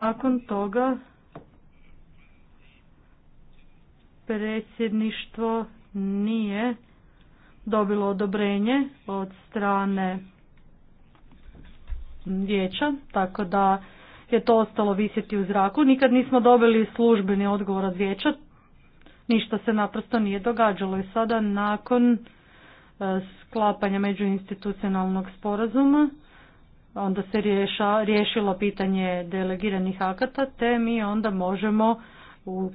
Nakon toga predsjedništvo nije dobilo odobrenje od strane vijeća, tako da je to ostalo visjeti u zraku. Nikad nismo dobili službeni odgovor od vijeća, ništa se naprosto nije događalo i sada nakon e, sklapanja međuinstitucionalnog sporazuma onda se riješilo pitanje delegiranih akata, te mi onda možemo u,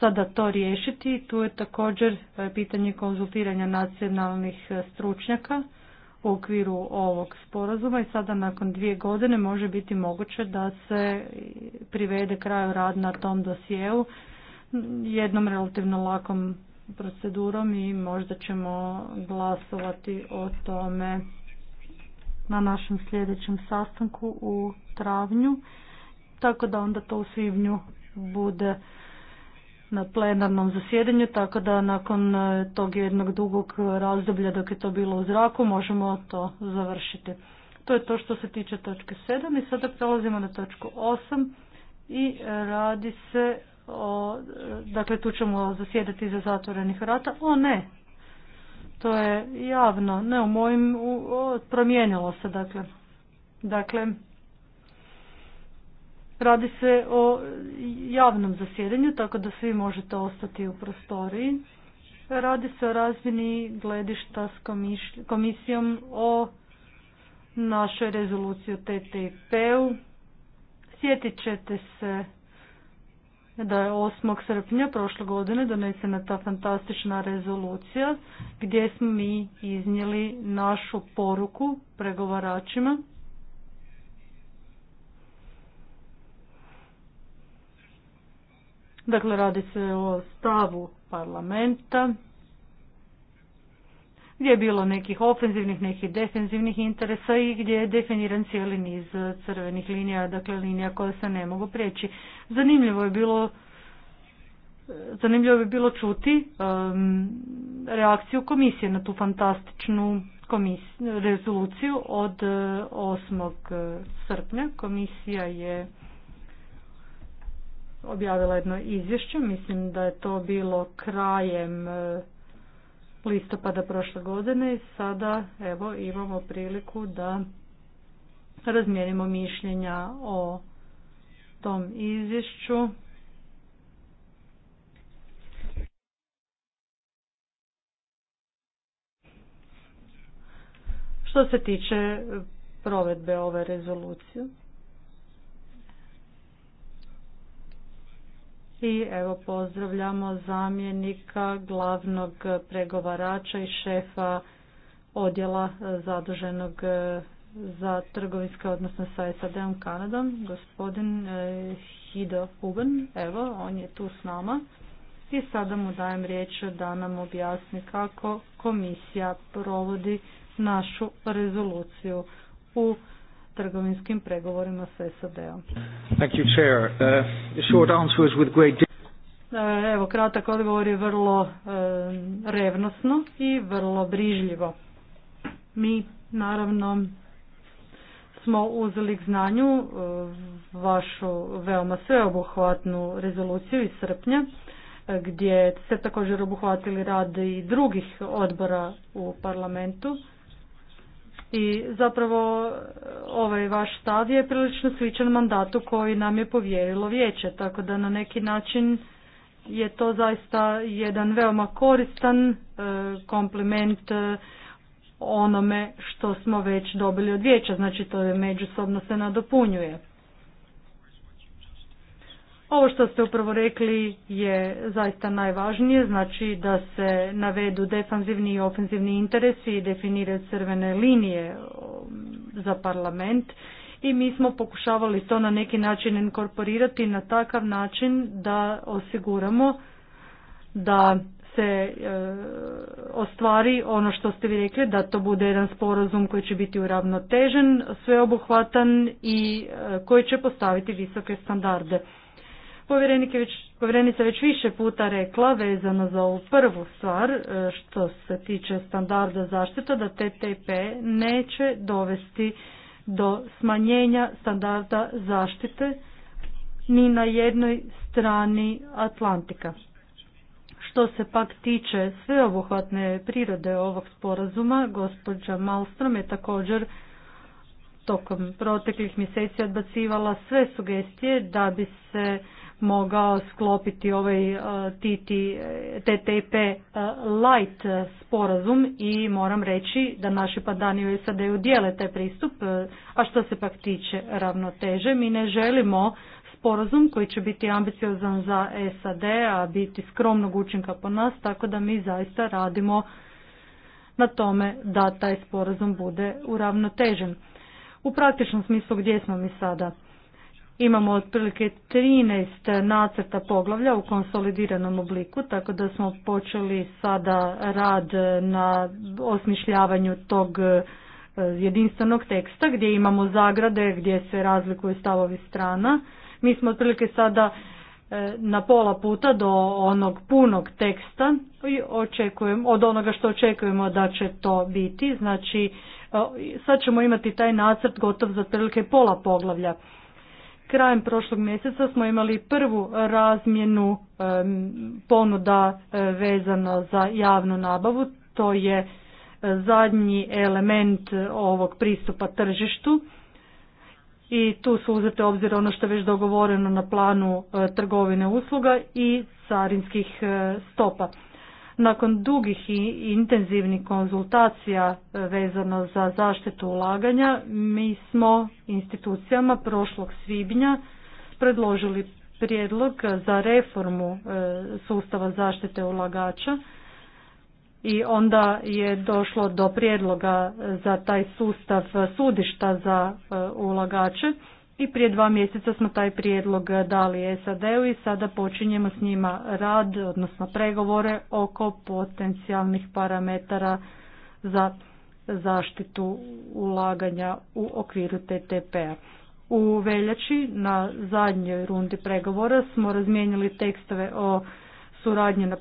sada to riješiti. Tu je također e, pitanje konzultiranja nacionalnih e, stručnjaka u okviru ovog sporazuma i sada nakon dvije godine može biti moguće da se privede kraju rad na tom dosjeu jednom relativno lakom procedurom i možda ćemo glasovati o tome na našem sljedećem sastanku u travnju, tako da onda to u svibnju bude na plenarnom zasjedanju, tako da nakon e, tog jednog dugog razdoblja dok je to bilo u zraku možemo to završiti. To je to što se tiče točke 7 i sada prelazimo na točku 8 i radi se o, dakle tu ćemo zasjedati za zatvorenih vrata. O ne, to je javno, ne u mojim, u, promijenilo se dakle. Dakle, radi se o javnom zasjedanju, tako da svi možete ostati u prostoriji. Radi se o razmjeni gledišta s komisijom o našoj rezoluciji o TTIP-u. Sjetit ćete se da je 8. srpnja prošle godine donesena ta fantastična rezolucija gdje smo mi iznijeli našu poruku pregovaračima Dakle, radi se o stavu parlamenta gdje je bilo nekih ofenzivnih, nekih defenzivnih interesa i gdje je definiran cijeli niz crvenih linija, dakle linija koje se ne mogu prijeći. Zanimljivo je bilo Zanimljivo bi bilo čuti um, reakciju komisije na tu fantastičnu rezoluciju od 8. Uh, uh, srpnja. Komisija je objavila jedno izvješće, mislim da je to bilo krajem uh, listopada prošle godine i sada evo imamo priliku da razmijenimo mišljenja o tom izvješću. Što se tiče provedbe ove rezolucije. i evo pozdravljamo zamjenika glavnog pregovarača i šefa odjela zaduženog e, za trgovinske odnosno sa SAD-om Kanadom, gospodin e, Hido Huben. Evo, on je tu s nama i sada mu dajem riječ da nam objasni kako komisija provodi našu rezoluciju u trgovinskim pregovorima s SAD-om. Uh, evo, kratak odgovor je vrlo e, revnosno i vrlo brižljivo. Mi, naravno, smo uzeli k znanju e, vašu veoma sveobuhvatnu rezoluciju iz srpnja e, gdje ste također obuhvatili rad i drugih odbora u parlamentu i zapravo ovaj vaš stav je prilično sličan mandatu koji nam je povjerilo vijeće, tako da na neki način je to zaista jedan veoma koristan e, komplement e, onome što smo već dobili od vijeća, znači to je međusobno se nadopunjuje. Ovo što ste upravo rekli je zaista najvažnije, znači da se navedu defanzivni i ofenzivni interesi i definiraju crvene linije um, za parlament i mi smo pokušavali to na neki način inkorporirati na takav način da osiguramo da se e, ostvari ono što ste vi rekli, da to bude jedan sporazum koji će biti uravnotežen, sveobuhvatan i e, koji će postaviti visoke standarde je već, povjerenica već više puta rekla vezano za ovu prvu stvar e, što se tiče standarda zaštita da TTP neće dovesti do smanjenja standarda zaštite ni na jednoj strani Atlantika. Što se pak tiče sveobuhvatne prirode ovog sporazuma, gospođa Malstrom je također tokom proteklih mjeseci odbacivala sve sugestije da bi se mogao sklopiti ovaj e, TTIP TTP e, light sporazum i moram reći da naši padani u sad dijele taj pristup, e, a što se pak tiče ravnoteže, mi ne želimo sporazum koji će biti ambiciozan za SAD, a biti skromnog učinka po nas, tako da mi zaista radimo na tome da taj sporazum bude uravnotežen. U praktičnom smislu gdje smo mi sada? Imamo otprilike 13 nacrta poglavlja u konsolidiranom obliku, tako da smo počeli sada rad na osmišljavanju tog e, jedinstvenog teksta gdje imamo zagrade gdje se razlikuju stavovi strana. Mi smo otprilike sada e, na pola puta do onog punog teksta i očekujem, od onoga što očekujemo da će to biti. Znači e, sad ćemo imati taj nacrt gotov za otprilike pola poglavlja. Krajem prošlog mjeseca smo imali prvu razmjenu ponuda e, vezano za javnu nabavu, to je e, zadnji element ovog pristupa tržištu i tu su uzete obzir ono što je već dogovoreno na planu e, trgovine usluga i carinskih stopa. Nakon dugih i intenzivnih konzultacija e, vezano za zaštitu ulaganja, mi smo institucijama prošlog svibnja predložili prijedlog za reformu e, sustava zaštite ulagača i onda je došlo do prijedloga za taj sustav sudišta za e, ulagače i prije dva mjeseca smo taj prijedlog dali SAD-u i sada počinjemo s njima rad, odnosno pregovore oko potencijalnih parametara za zaštitu ulaganja u okviru TTP-a. U veljači na zadnjoj rundi pregovora smo razmijenili tekstove o suradnji na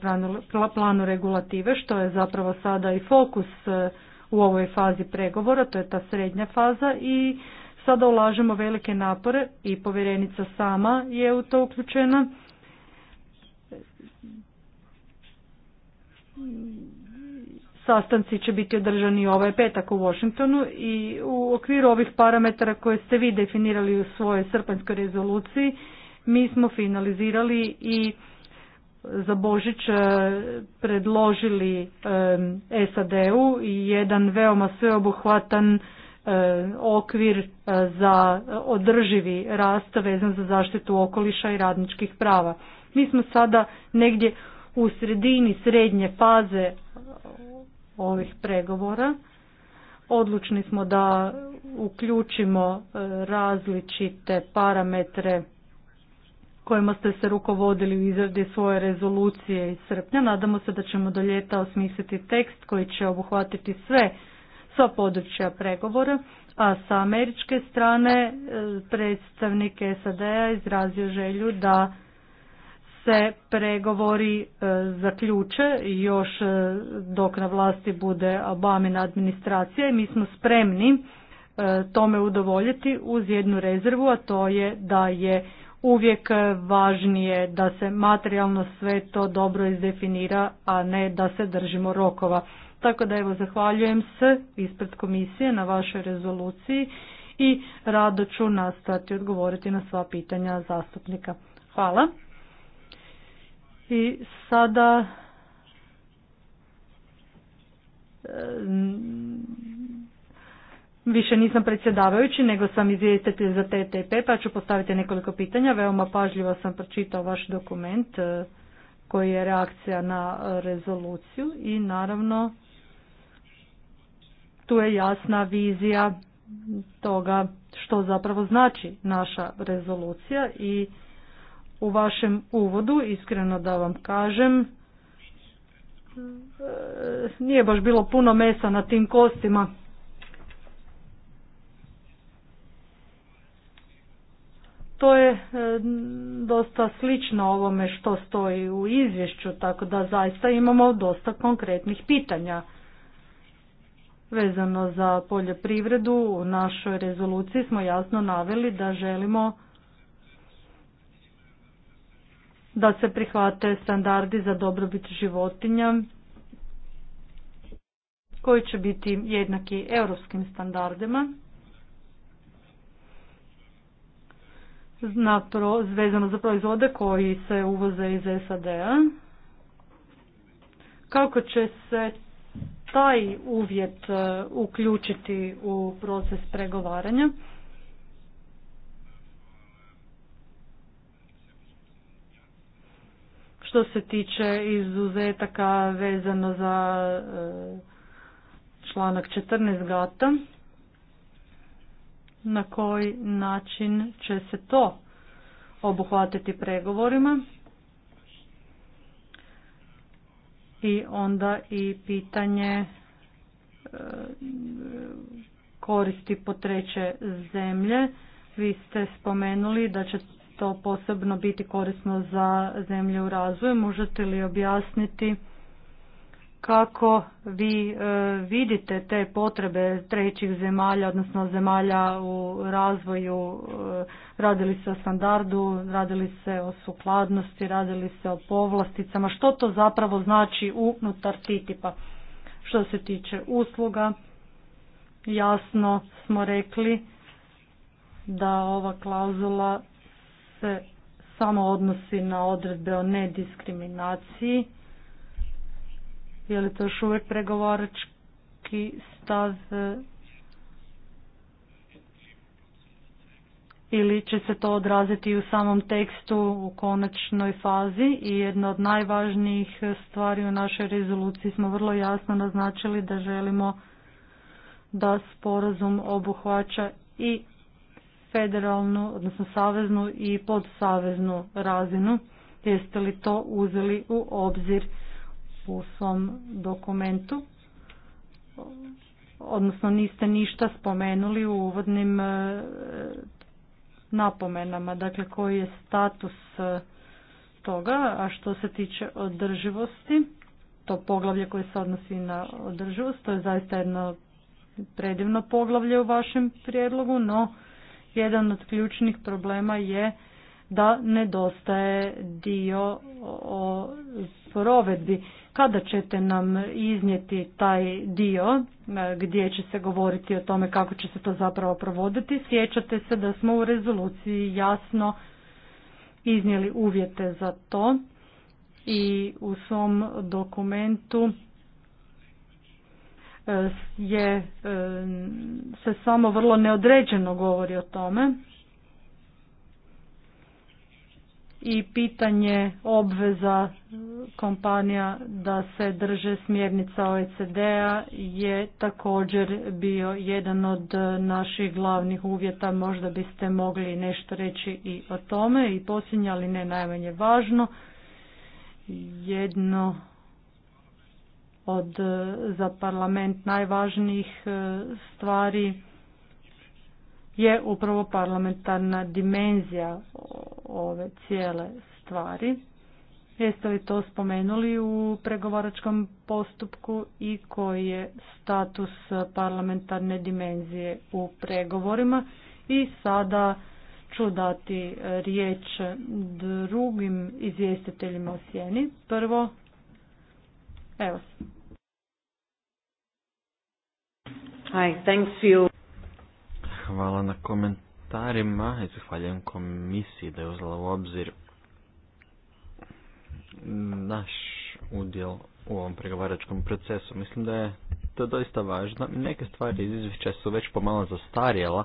planu regulative, što je zapravo sada i fokus e, u ovoj fazi pregovora, to je ta srednja faza i Sada ulažemo velike napore i povjerenica sama je u to uključena. Sastanci će biti održani ovaj petak u Washingtonu i u okviru ovih parametara koje ste vi definirali u svojoj srpanjskoj rezoluciji mi smo finalizirali i za Božić e, predložili SAD-u jedan veoma sveobuhvatan E, okvir e, za održivi rast vezan za zaštitu okoliša i radničkih prava. Mi smo sada negdje u sredini srednje faze e, ovih pregovora. Odlučni smo da uključimo različite parametre kojima ste se rukovodili u izradi svoje rezolucije iz srpnja. Nadamo se da ćemo do ljeta osmisliti tekst koji će obuhvatiti sve sva područja pregovora, a sa američke strane e, predstavnik SAD-a izrazio želju da se pregovori e, zaključe još e, dok na vlasti bude Obamina administracija i mi smo spremni tome udovoljiti uz jednu rezervu, a to je da je uvijek važnije da se materijalno sve to dobro izdefinira, a ne da se držimo rokova. Tako da evo zahvaljujem se ispred komisije na vašoj rezoluciji i rado ću nastati odgovoriti na sva pitanja zastupnika. Hvala. I sada e, više nisam predsjedavajući, nego sam izvjestitelj za TTP, pa ću postaviti nekoliko pitanja. Veoma pažljivo sam pročitao vaš dokument e, koji je reakcija na rezoluciju i naravno tu je jasna vizija toga što zapravo znači naša rezolucija i u vašem uvodu, iskreno da vam kažem, e, nije baš bilo puno mesa na tim kostima. To je e, dosta slično ovome što stoji u izvješću, tako da zaista imamo dosta konkretnih pitanja. Vezano za poljoprivredu u našoj rezoluciji smo jasno naveli da želimo da se prihvate standardi za dobrobit životinja koji će biti jednaki europskim standardima. vezano za proizvode koji se uvoze iz SAD-a. Kako će se taj uvjet e, uključiti u proces pregovaranja. Što se tiče izuzetaka vezano za e, članak 14 gata, na koji način će se to obuhvatiti pregovorima. i onda i pitanje e, koristi po treće zemlje. Vi ste spomenuli da će to posebno biti korisno za zemlje u razvoju. Možete li objasniti kako vi e, vidite te potrebe trećih zemalja, odnosno zemalja u razvoju, e, radili se o standardu, radili se o sukladnosti, radili se o povlasticama, što to zapravo znači unutar ttip Što se tiče usluga, jasno smo rekli da ova klauzula se samo odnosi na odredbe o nediskriminaciji, je li to još uvijek pregovarački stav ili će se to odraziti u samom tekstu u konačnoj fazi i jedna od najvažnijih stvari u našoj rezoluciji smo vrlo jasno naznačili da želimo da sporazum obuhvaća i federalnu, odnosno saveznu i podsaveznu razinu. Jeste li to uzeli u obzir u svom dokumentu, odnosno niste ništa spomenuli u uvodnim e, napomenama, dakle koji je status e, toga, a što se tiče održivosti, to poglavlje koje se odnosi na održivost, to je zaista jedno predivno poglavlje u vašem prijedlogu, no jedan od ključnih problema je da nedostaje dio o provedbi. Kada ćete nam iznijeti taj dio e, gdje će se govoriti o tome kako će se to zapravo provoditi? Sjećate se da smo u rezoluciji jasno iznijeli uvjete za to i u svom dokumentu e, je e, se samo vrlo neodređeno govori o tome i pitanje obveza kompanija da se drže smjernica OECD-a je također bio jedan od naših glavnih uvjeta. Možda biste mogli nešto reći i o tome. I posljednje, ali ne najmanje važno, jedno od za parlament najvažnijih e, stvari je upravo parlamentarna dimenzija ove cijele stvari. Jeste li to spomenuli u pregovaračkom postupku i koji je status parlamentarne dimenzije u pregovorima? I sada ću dati riječ drugim izvjestiteljima o sjeni. Prvo, evo. Hi, thanks you. Hvala na komentarima i zahvaljujem komisiji da je uzela u obzir naš udjel u ovom pregovaračkom procesu. Mislim da je to doista važno. Neke stvari iz izvješća su već pomalo zastarjela,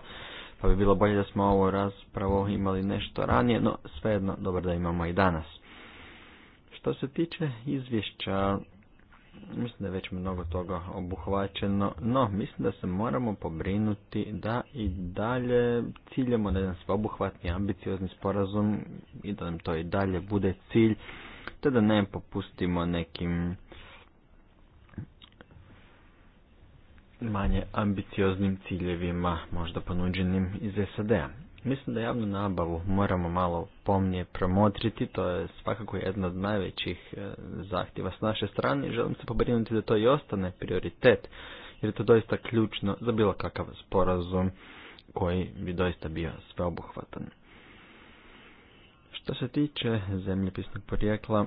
pa bi bilo bolje da smo ovo raspravo imali nešto ranije, no svejedno dobro da imamo i danas. Što se tiče izvješća Mislim da je već mnogo toga obuhvaćeno, no mislim da se moramo pobrinuti da i dalje ciljamo na jedan sveobuhvatni ambiciozni sporazum i da nam to i dalje bude cilj, te da ne popustimo nekim manje ambicioznim ciljevima, možda ponuđenim iz SAD-a. Mislim da javnu nabavu moramo malo pomnije promotriti, to je svakako jedna od najvećih e, zahtjeva s naše strane i želim se pobrinuti da to i ostane prioritet, jer je to doista ključno za bilo kakav sporazum koji bi doista bio sveobuhvatan. Što se tiče zemljepisnog porijekla,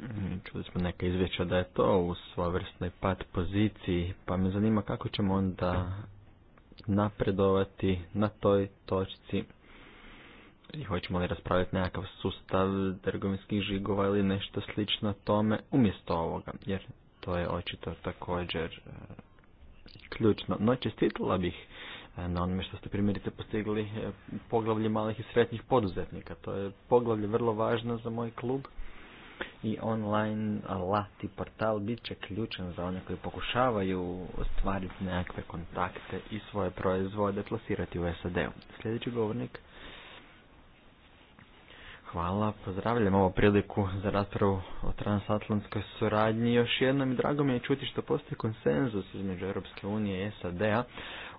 mm, čuli smo neka izvješća da je to u svojevrsnoj pad poziciji, pa me zanima kako ćemo onda napredovati na toj točci i hoćemo li raspraviti nekakav sustav trgovinskih žigova ili nešto slično tome umjesto ovoga, jer to je očito također e, ključno. No čestitila bih e, na onome što ste primjerice postigli e, poglavlje malih i sretnih poduzetnika. To je poglavlje vrlo važno za moj klub i online alati portal bit će ključan za one koji pokušavaju ostvariti nekakve kontakte i svoje proizvode plasirati u SAD-u. Sljedeći govornik. Hvala, pozdravljam ovu priliku za raspravu o transatlantskoj suradnji. Još jednom i drago mi je čuti što postoji konsenzus između Europske unije i SAD-a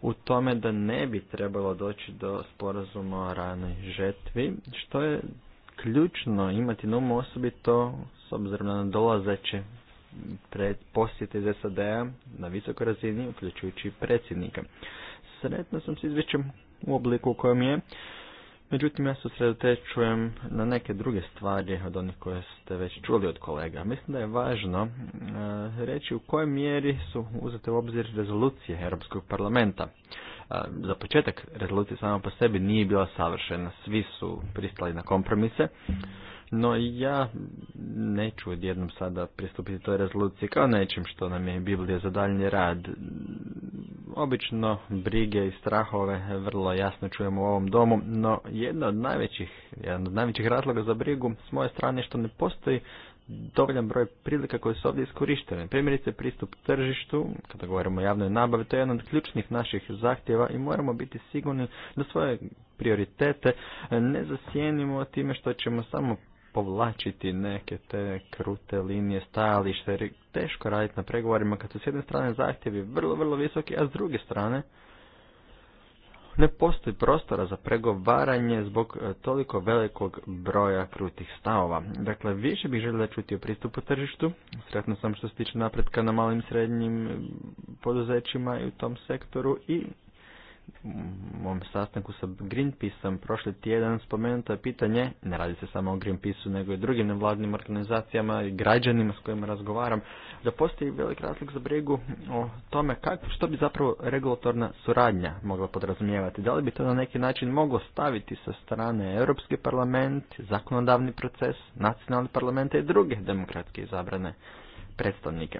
u tome da ne bi trebalo doći do sporazuma o ranoj žetvi, što je ključno imati na umu osobito s obzirom na dolazeće pred posjete iz SAD-a na visokoj razini, uključujući predsjednika. Sretno sam s izvješćem u obliku u kojem je, međutim ja se sredotečujem na neke druge stvari od onih koje ste već čuli od kolega. Mislim da je važno e, reći u kojoj mjeri su uzete u obzir rezolucije Europskog parlamenta. Za početak rezolucija sama po sebi nije bila savršena, svi su pristali na kompromise, no ja neću odjednom sada pristupiti toj rezoluciji kao nečim što nam je Biblija za daljnji rad. Obično brige i strahove vrlo jasno čujemo u ovom domu, no jedna od najvećih, jedan od najvećih razloga za brigu s moje strane što ne postoji dovoljan broj prilika koje su ovdje iskorištene. Primjerice pristup tržištu, kada govorimo o javnoj nabavi, to je jedan od ključnih naših zahtjeva i moramo biti sigurni da svoje prioritete ne zasjenimo time što ćemo samo povlačiti neke te krute linije stajališta jer je teško raditi na pregovorima kad su s jedne strane zahtjevi vrlo, vrlo visoki, a s druge strane ne postoji prostora za pregovaranje zbog e, toliko velikog broja krutih stavova. Dakle, više bih željela čuti o pristupu tržištu. Sretno sam što se tiče napretka na malim i srednjim e, poduzećima i u tom sektoru i mom sastanku sa Greenpeaceom prošli tjedan spomenuto je pitanje, ne radi se samo o Greenpeaceu nego i drugim nevladnim organizacijama i građanima s kojima razgovaram, da postoji velik razlik za brigu o tome kako što bi zapravo regulatorna suradnja mogla podrazumijevati. Da li bi to na neki način moglo staviti sa strane Europski parlament, zakonodavni proces, nacionalni parlamente i druge demokratske izabrane predstavnike.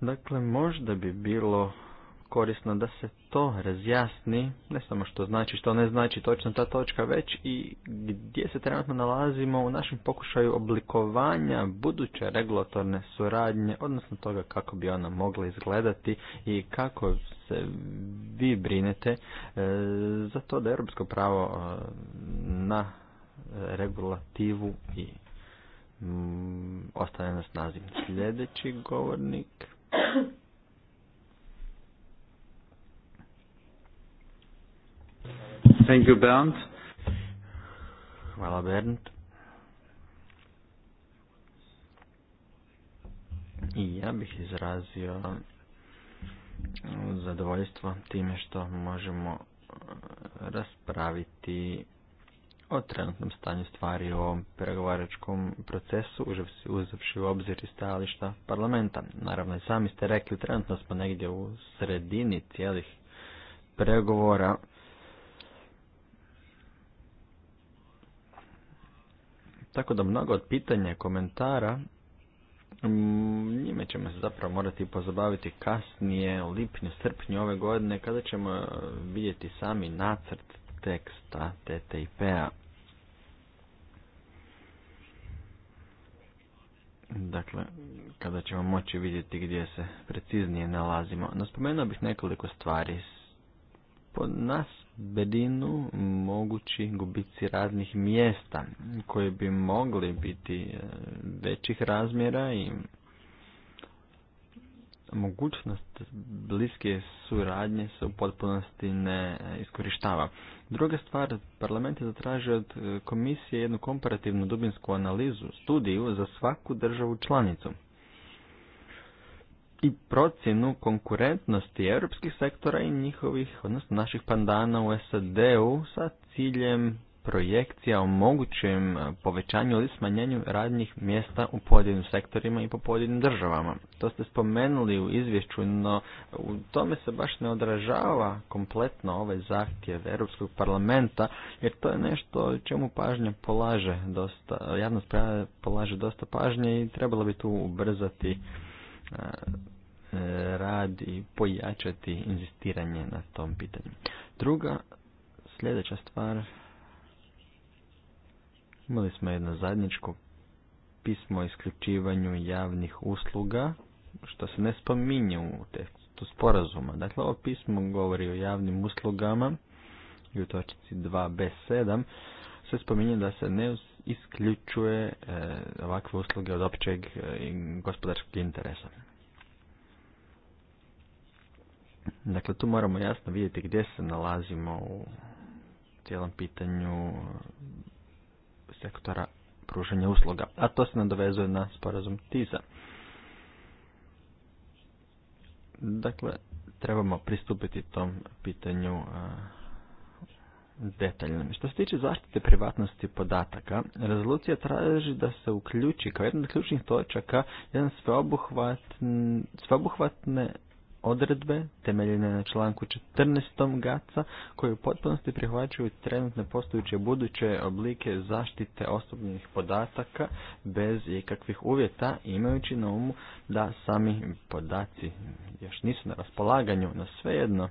Dakle, možda bi bilo korisno da se to razjasni, ne samo što znači, što ne znači točno ta točka, već i gdje se trenutno nalazimo u našem pokušaju oblikovanja buduće regulatorne suradnje, odnosno toga kako bi ona mogla izgledati i kako se vi brinete e, za to da europsko pravo e, na regulativu i ostane na snazi. Sljedeći govornik Thank you, Bernd. Hvala, Bernd. I ja bih izrazio zadovoljstvo time što možemo eh, raspraviti o trenutnom stanju stvari o ovom pregovaračkom procesu, uzavši u obzir i stajališta parlamenta. Naravno i sami ste rekli, trenutno smo negdje u sredini cijelih pregovora Tako da mnogo od pitanja, i komentara, mm, njime ćemo se zapravo morati pozabaviti kasnije, u lipnju, srpnju ove godine, kada ćemo e, vidjeti sami nacrt teksta TTIP-a. Dakle, kada ćemo moći vidjeti gdje se preciznije nalazimo. No spomenuo bih nekoliko stvari nas bedinu mogući gubici radnih mjesta koje bi mogli biti e, većih razmjera i mogućnost bliske suradnje se u potpunosti ne e, iskorištava. Druga stvar, parlament je zatražio od e, komisije jednu komparativnu dubinsku analizu, studiju za svaku državu članicu i procjenu konkurentnosti europskih sektora i njihovih, odnosno naših pandana u SAD-u sa ciljem projekcija o mogućem povećanju ili smanjenju radnih mjesta u pojedinim sektorima i po pojedinim državama. To ste spomenuli u izvješću, no u tome se baš ne odražava kompletno ovaj zahtjev Europskog parlamenta, jer to je nešto čemu pažnja polaže dosta, javnost polaže dosta pažnje i trebalo bi tu ubrzati E, rad i pojačati inzistiranje na tom pitanju. Druga, sljedeća stvar, imali smo jedno zadnjičko pismo o isključivanju javnih usluga, što se ne spominje u tekstu sporazuma. Dakle, ovo pismo govori o javnim uslugama i u točici 2b7 se spominje da se ne isključuje e, ovakve usluge od općeg e, gospodarskog interesa. Dakle, tu moramo jasno vidjeti gdje se nalazimo u cijelom pitanju e, sektora pružanja usluga, a to se nadovezuje na sporazum TISA. Dakle, trebamo pristupiti tom pitanju detaljno Što se tiče zaštite privatnosti podataka, rezolucija traži da se uključi kao jedna od ključnih točaka jedan sveobuhvatne, sveobuhvatne odredbe temeljene na članku 14. GACA koji u potpunosti prihvaćaju trenutne postojeće buduće oblike zaštite osobnih podataka bez ikakvih uvjeta imajući na umu da sami podaci još nisu na raspolaganju, no svejedno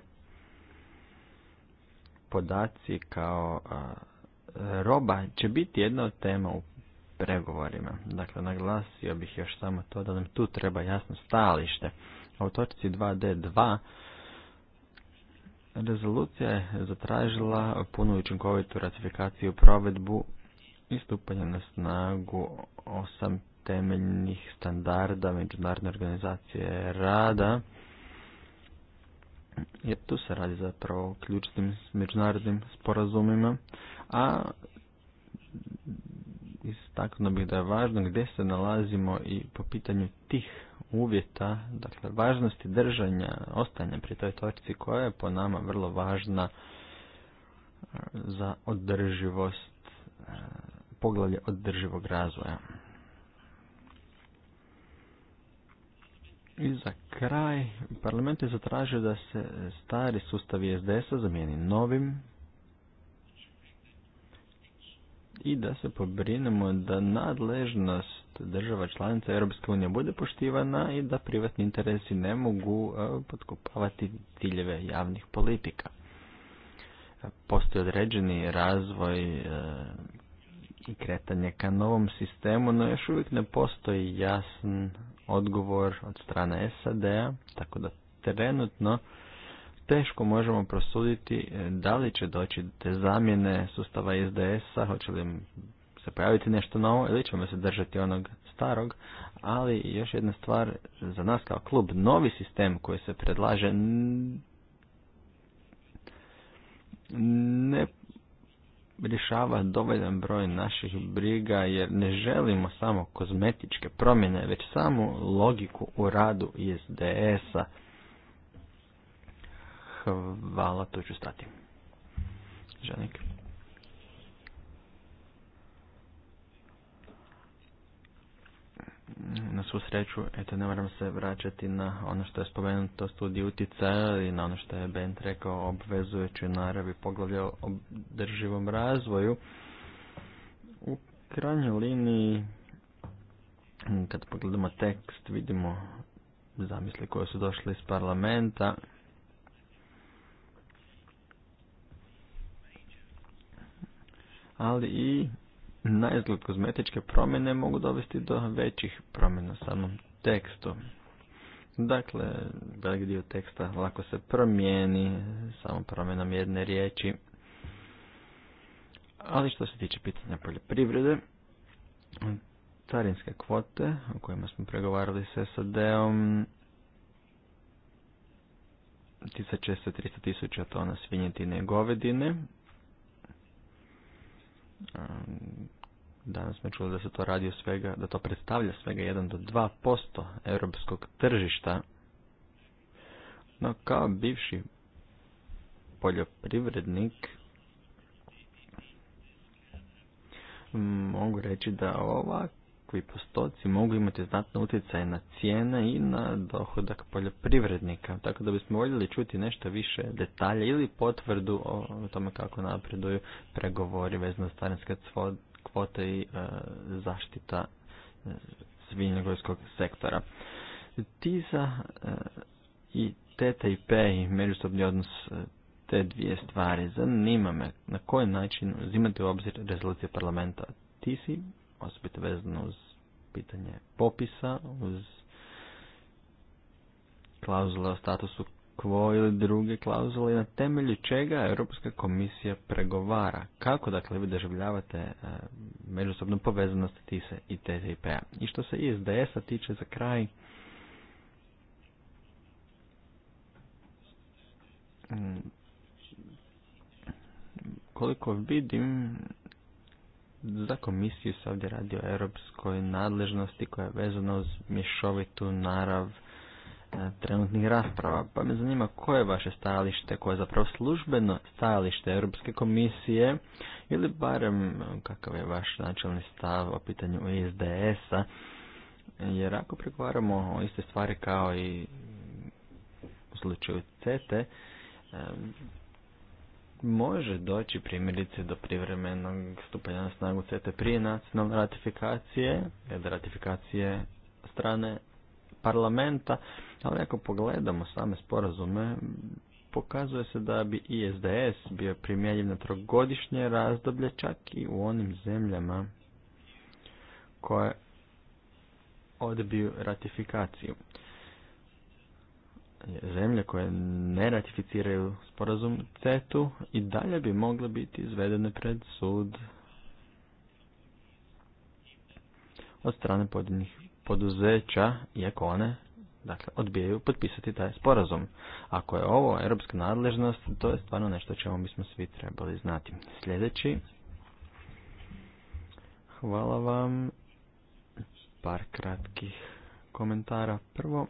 podaci kao roba će biti jedna od tema u pregovorima. Dakle, naglasio bih još samo to da nam tu treba jasno stalište. A u točici 2D2 rezolucija je zatražila punu učinkovitu ratifikaciju provedbu i stupanje na snagu osam temeljnih standarda Međunarodne organizacije rada jer tu se radi zapravo o ključnim međunarodnim sporazumima, a istaknuo bih da je važno gdje se nalazimo i po pitanju tih uvjeta, dakle važnosti držanja, ostanja pri toj točci koja je po nama vrlo važna e, za održivost, e, poglavlje održivog razvoja. I za kraj, parlament je zatražio da se stari sustav ISDS-a zamijeni novim i da se pobrinemo da nadležnost država članica EU bude poštivana i da privatni interesi ne mogu e, potkopavati ciljeve javnih politika. Postoji određeni razvoj e, i kretanje ka novom sistemu, no još uvijek ne postoji jasan odgovor od strane SAD-a, tako da trenutno teško možemo prosuditi e, da li će doći te zamjene sustava SDS-a, hoće li se pojaviti nešto novo ili ćemo se držati onog starog, ali još jedna stvar za nas kao klub, novi sistem koji se predlaže ne rješava dovoljan broj naših briga jer ne želimo samo kozmetičke promjene, već samu logiku u radu ISDS-a. Hvala, tu ću stati. Želim. na svu sreću, eto, ne moram se vraćati na ono što je spomenuto studiju utjecaja i na ono što je Bent rekao obvezujući naravi poglavlja o drživom razvoju. U krajnjoj liniji, kad pogledamo tekst, vidimo zamisli koje su došle iz parlamenta. Ali i izgled kozmetičke promjene mogu dovesti do većih promjena u samom tekstu. Dakle, velik dio teksta lako se promijeni, samo promjenom jedne riječi. Ali što se tiče pitanja poljoprivrede, carinske kvote o kojima smo pregovarali s SAD-om ticat tisuća tona svinjetine i govedine danas smo čuli da se to radi svega, da to predstavlja svega 1 do 2% europskog tržišta. No kao bivši poljoprivrednik mogu reći da ovakvi postoci mogu imati znatno utjecaj na cijene i na dohodak poljoprivrednika. Tako da bismo voljeli čuti nešto više detalja ili potvrdu o tome kako napreduju pregovori vezno starinske carinske kvota i e, zaštita e, svinjogojskog sektora. TISA e, i TTIP i međusobni odnos te dvije stvari. Zanima me na koji način uzimate u obzir rezolucije parlamenta TISI, osobito vezano uz pitanje popisa, uz klauzule o statusu quo ili druge klauzule na temelju čega Europska komisija pregovara. Kako dakle vi doživljavate e, međusobnu povezanost TISA i TTIP-a? I što se ISDS-a tiče za kraj, mm, koliko vidim, za komisiju se ovdje radi o europskoj nadležnosti koja je vezana uz mješovitu narav E, trenutnih rasprava, pa me zanima koje je vaše stajalište, koje je zapravo službeno stajalište Europske komisije ili barem e, kakav je vaš načelni stav o pitanju ISDS-a, e jer ako pregovaramo o iste stvari kao i u slučaju CETE, može doći primjerice do privremenog stupanja na snagu CETE prije nacionalne ratifikacije, jer ratifikacije strane parlamenta, ali ako pogledamo same sporazume, pokazuje se da bi ISDS bio primjenjiv na trogodišnje razdoblje čak i u onim zemljama koje odbiju ratifikaciju. Zemlje koje ne ratificiraju sporazum CETU i dalje bi mogle biti izvedene pred sud od strane pojedinih poduzeća, iako one dakle, odbijaju potpisati taj sporazum. Ako je ovo europska nadležnost, to je stvarno nešto o čemu bismo svi trebali znati. Sljedeći. Hvala vam. Par kratkih komentara. Prvo,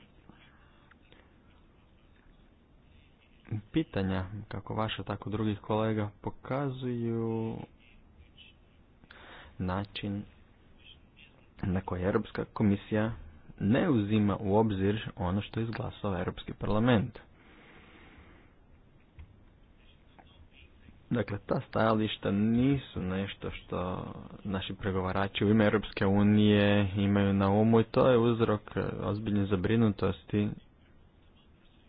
pitanja, kako vaša, tako drugih kolega, pokazuju način na koje Europska komisija ne uzima u obzir ono što je izglasao Europski parlament. Dakle, ta stajališta nisu nešto što naši pregovarači u ime Europske unije imaju na umu i to je uzrok ozbiljne zabrinutosti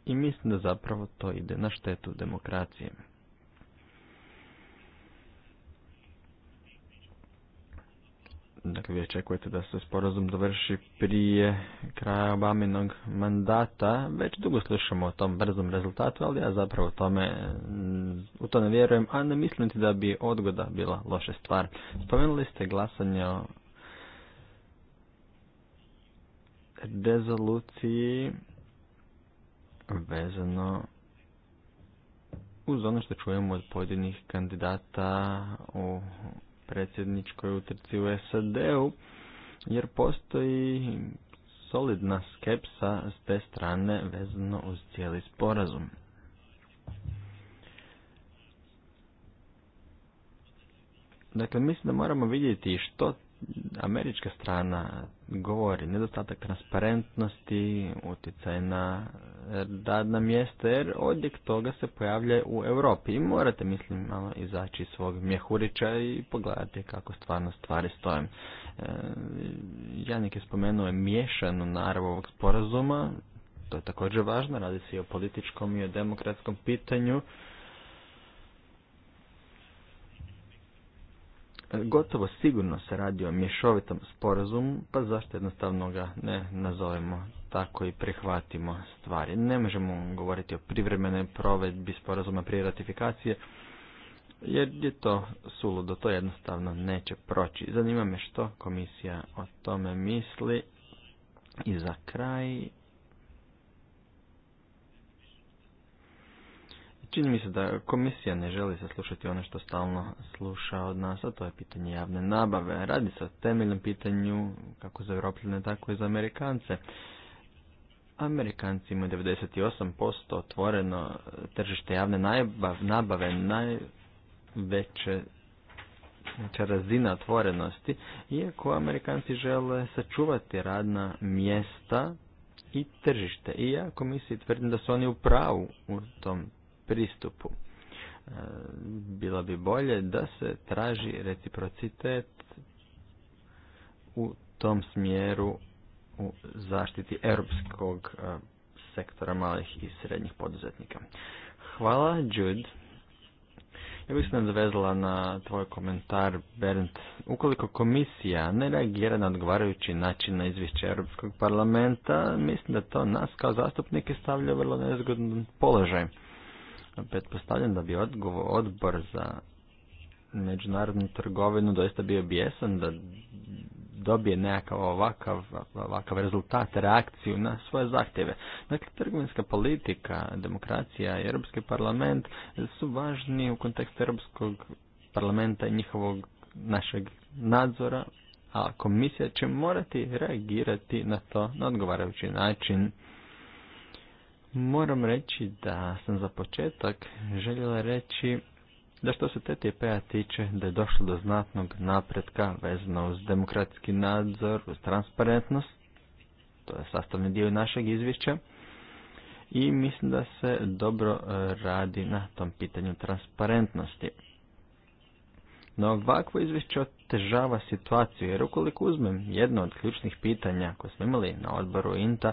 i mislim da zapravo to ide na štetu demokracije. Dakle, vi očekujete da se sporazum dovrši prije kraja Obaminog mandata. Već dugo slušamo o tom brzom rezultatu, ali ja zapravo tome, u to ne vjerujem, a ne mislim da bi odgoda bila loša stvar. Spomenuli ste glasanje o rezoluciji vezano uz ono što čujemo od pojedinih kandidata u predsjedničkoj utrci u SAD-u, jer postoji solidna skepsa s te strane vezano uz cijeli sporazum. Dakle, mislim da moramo vidjeti što američka strana govori nedostatak transparentnosti, utjecaj na radna mjesta, jer odjek toga se pojavlja u Europi i morate, mislim, malo izaći iz svog mjehurića i pogledati kako stvarno stvari stoje. E, Janik je spomenuo miješanu narav ovog sporazuma, to je također važno, radi se i o političkom i o demokratskom pitanju, E, gotovo sigurno se radi o mješovitom sporazumu, pa zašto jednostavno ga ne nazovemo tako i prihvatimo stvari. Ne možemo govoriti o privremenoj provedbi sporazuma prije ratifikacije, jer je to suludo, to jednostavno neće proći. Zanima me što komisija o tome misli i za kraj Čini mi se da komisija ne želi saslušati ono što stalno sluša od nas, a to je pitanje javne nabave. Radi se o temeljnom pitanju kako za Europljane, tako i za Amerikance. Amerikanci imaju 98% otvoreno tržište javne nabave, najveće znači razina otvorenosti, iako Amerikanci žele sačuvati radna mjesta i tržište. I ja komisiji tvrdim da su oni u pravu u tom pristupu. E, bilo bi bolje da se traži reciprocitet u tom smjeru u zaštiti europskog e, sektora malih i srednjih poduzetnika. Hvala, Jude. Ja bih se nadvezala na tvoj komentar, Bernd. Ukoliko komisija ne reagira na odgovarajući način na izvješće Europskog parlamenta, mislim da to nas kao zastupnike stavlja vrlo nezgodan položaj pretpostavljam da bi odgovor, odbor za međunarodnu trgovinu doista bio bijesan da dobije nekakav ovakav, ovakav rezultat, reakciju na svoje zahtjeve. Dakle, trgovinska politika, demokracija i Europski parlament su važni u kontekstu Europskog parlamenta i njihovog našeg nadzora, a komisija će morati reagirati na to na odgovarajući način Moram reći da sam za početak željela reći da što se TTIP-a tiče da je došlo do znatnog napretka vezano uz demokratski nadzor, uz transparentnost, to je sastavni dio našeg izvješća i mislim da se dobro e, radi na tom pitanju transparentnosti. No ovakvo izvješće otežava situaciju jer ukoliko uzmem jedno od ključnih pitanja koje smo imali na odboru INTA,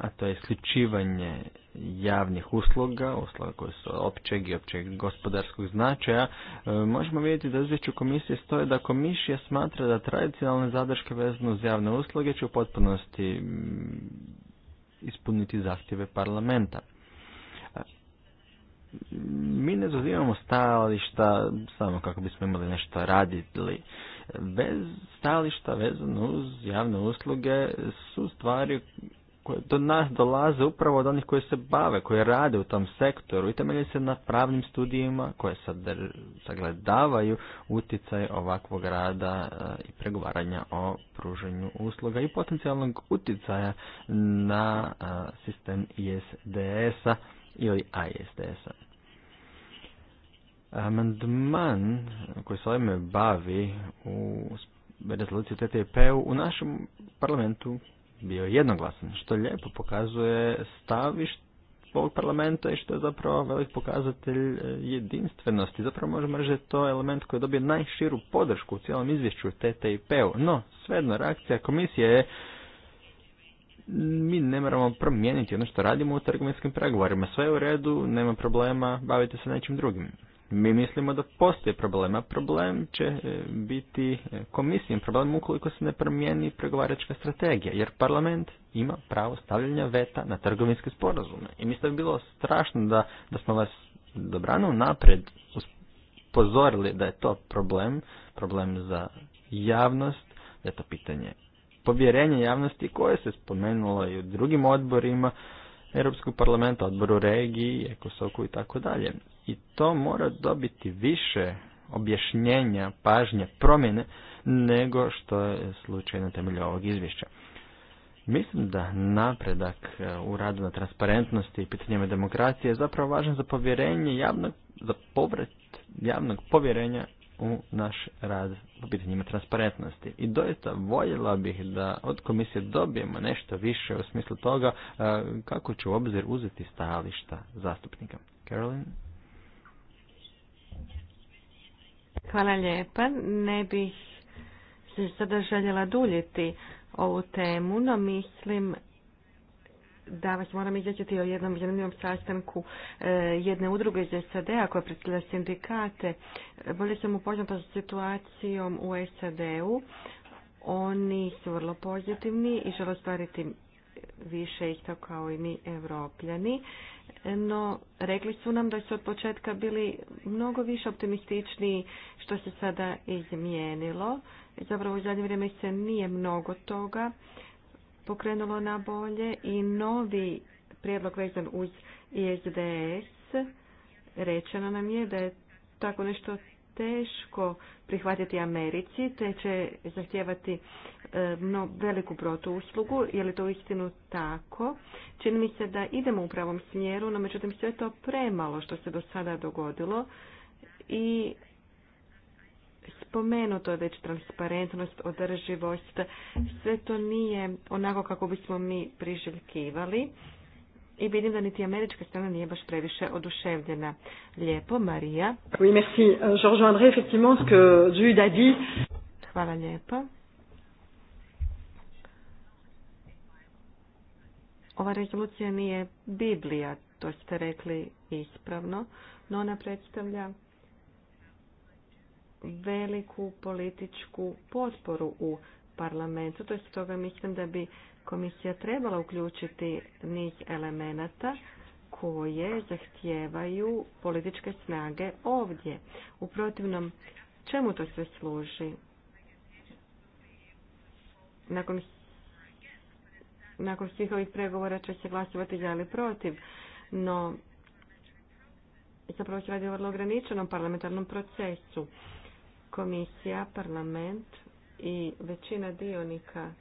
a to je isključivanje javnih usluga, usluga koje su općeg i općeg gospodarskog značaja, e, možemo vidjeti da izvješću komisije stoje da komisija smatra da tradicionalne zadrške vezano uz javne usluge će u potpunosti ispuniti zahtjeve parlamenta. E, mi ne zazivamo stajališta samo kako bismo imali nešto raditi Bez stajališta vezano uz javne usluge su stvari koje do nas dolaze upravo od onih koji se bave, koji rade u tom sektoru i temelje se na pravnim studijima koje sagledavaju utjecaj ovakvog rada e, i pregovaranja o pruženju usluga i potencijalnog utjecaja na e, sistem ISDS-a ili ISDS-a. Amandman koji se ovime bavi u rezoluciju TTIP-u u našem parlamentu bio jednoglasan, što lijepo pokazuje stavišt ovog parlamenta i što je zapravo velik pokazatelj e, jedinstvenosti. Zapravo možemo reći da je to element koji je dobio najširu podršku u cijelom izvješću TTIP-u. No, svejedno, reakcija komisije je mi ne moramo promijeniti ono što radimo u trgovinskim pregovorima. Sve je u redu, nema problema, bavite se nečim drugim. Mi mislimo da postoji problem, a problem će e, biti e, komisijom problem ukoliko se ne promijeni pregovaračka strategija, jer parlament ima pravo stavljanja veta na trgovinske sporazume. I mislim da bi bilo strašno da, da smo vas dobrano napred upozorili da je to problem, problem za javnost, da je to pitanje povjerenja javnosti koje se spomenulo i u drugim odborima, Europskog parlamenta, odboru regiji, ekosoku i tako dalje i to mora dobiti više objašnjenja, pažnje, promjene nego što je slučaj na temelju ovog izvješća. Mislim da napredak e, u radu na transparentnosti i pitanjima demokracije je zapravo važan za povjerenje javnog, za povrat javnog povjerenja u naš rad po pitanjima transparentnosti. I doista voljela bih da od komisije dobijemo nešto više u smislu toga e, kako će u obzir uzeti stajališta zastupnika. Caroline? Hvala lijepa. Ne bih se sada željela duljiti ovu temu, no mislim da vas moram izvjećati o jednom zanimljivom sastanku e, jedne udruge iz SAD-a koja predstavlja sindikate. Bolje sam upoznata sa situacijom u SAD-u. Oni su vrlo pozitivni i žele ostvariti više isto kao i mi evropljani no rekli su nam da su od početka bili mnogo više optimistični što se sada izmijenilo. Zapravo u zadnje vrijeme se nije mnogo toga pokrenulo na bolje i novi prijedlog vezan uz ISDS rečeno nam je da je tako nešto teško prihvatiti Americi, te će zahtijevati E, no, veliku protuuslugu, je li to istinu tako? Čini mi se da idemo u pravom smjeru, no međutim sve to premalo što se do sada dogodilo i spomenuto je već transparentnost, održivost, sve to nije onako kako bismo mi priželjkivali. I vidim da niti američka strana nije baš previše oduševljena. Lijepo, Marija. Hvala lijepa. Ova rezolucija nije Biblija, to ste rekli ispravno, no ona predstavlja veliku političku potporu u parlamentu, to je mislim da bi komisija trebala uključiti niz elemenata koje zahtijevaju političke snage ovdje. U protivnom, čemu to sve služi? Nakon nakon svih ovih pregovora će se glasovati za ili protiv, no zapravo se radi o vrlo ograničenom parlamentarnom procesu. Komisija, parlament i većina dionika